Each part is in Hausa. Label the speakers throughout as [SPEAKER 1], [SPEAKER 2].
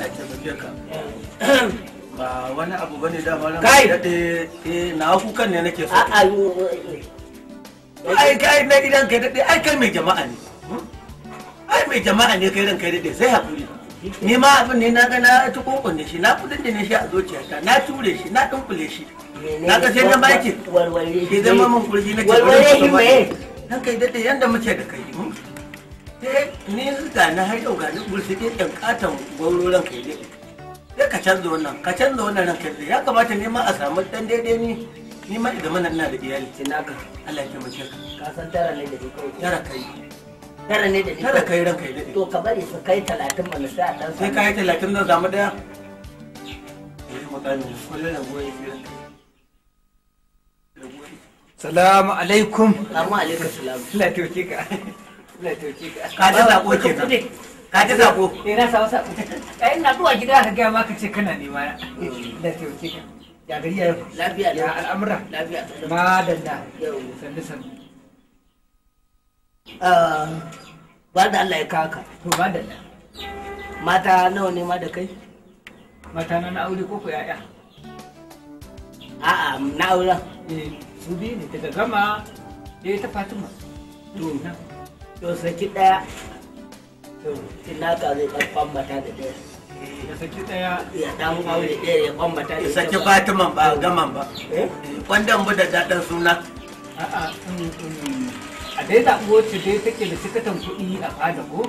[SPEAKER 1] Allah ka ba wani abu bane dama kai dade eh na kukan ne nake so a'a ai kai na gidan kai dade ai kai mai jama'a ne ai mai jama'a ne kai ran kai dade sai hakuri ni ma abin ne na ga na ta kokonne shi na kudin da ne shi a zuciyata na ture shi na dunkule shi na ga sai na baki walwale shi zama mun kurji nake walwale shi me nan kai dade yanda muke da kai hmm? ni ga na har yau ga ni bursu ke ɗan katon gwauro ran kai ne sai ka canza wannan ka canza wannan ran kai ya kamata ne ma a samu ɗan daidai ni ni ma idan mana ina da iyali sai na ga Allah ya taimake ka ka san tara ne da ni kawai tara kai tara ne da ni tara kai ran kai to ka bari su kai 30 mana sai a dan sai kai 30 zan samu daya Salamu alaikum. Salamu alaikum. Salamu alaikum. ka ji sako ke nan
[SPEAKER 2] ka ji sako eh na
[SPEAKER 1] samu sako eh ina zuwa gida ka ga ma ka ce kana nema da tauke ka ya gari ya lafiya ya al'amura lafiya madalla sannu sannu ba da Allah ya kaka to ba danna. mata nawa ne ma da kai mata na na aure ko ko ya'ya a'a na aure. eh su biyu ne daga gama da ta fatima to to saki ɗaya zai kwambata da ɗaya ya saki ɗaya ya ɗan aure ɗaya ya kwambata da saki fatiman ba gaman ba kwandan eh? bu da daɗin suna um, um, um. a dai zaɓuwar ce dai take da cikatan kuɗi a fada ko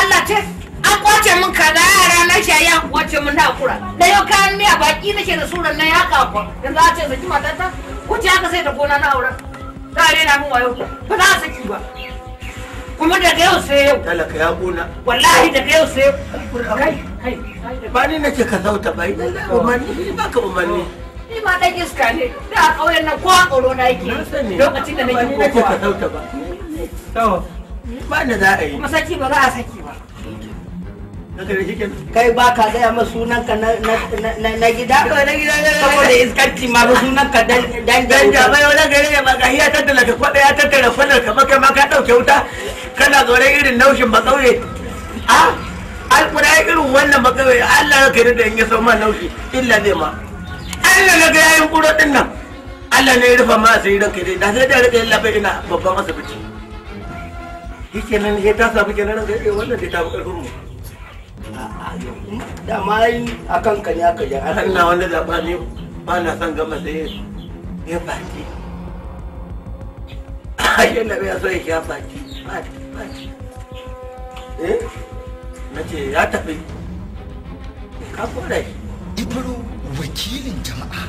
[SPEAKER 1] Allah ce an kwace min kaza yara na shi ya kwace min na da yau kayan miya baki nake da suran nan ya kakwa yanzu a ce saki matata ko haka sai ta gona na auren za a rena min wayo ba za a saki ba kuma daga yau sai yau talaka ya gona wallahi daga yau sai yau kai kai ba ni nake ka sauta ba umarni ba ka umarni ni ma dan iska ne da a ƙauyen nan ko a tsoro na yake lokacin da nake kokowa ba ni nake ka sauta ba ba da za a yi kuma saki ba za a saki ba kai ba ka gaya ma sunan ka na gida saboda iskanci ma ba sunan ka dan dan ja bai wani gari ne ba gahi ya tattala ka kwada ya fadar ka ba kai ma ka dauke wuta kana zaune irin naushin ba kauye a alƙura irin wannan ba kauye Allah ka da in ya sau ma naushi illa zai ma Allah ga yayin din nan Allah ne ya rufa ma asirin ka dai da sai da rika yin ina babban asibiti shi kenan ya ta samu kenan wannan da ta karfin mu da ma yi a kan ka ne aka yi a kan na wani zaɓa ne ba na son gama sai ya baki a yana bai so ya sha baki baki eh na ce ya tafi ka kore shi wakilin jama'a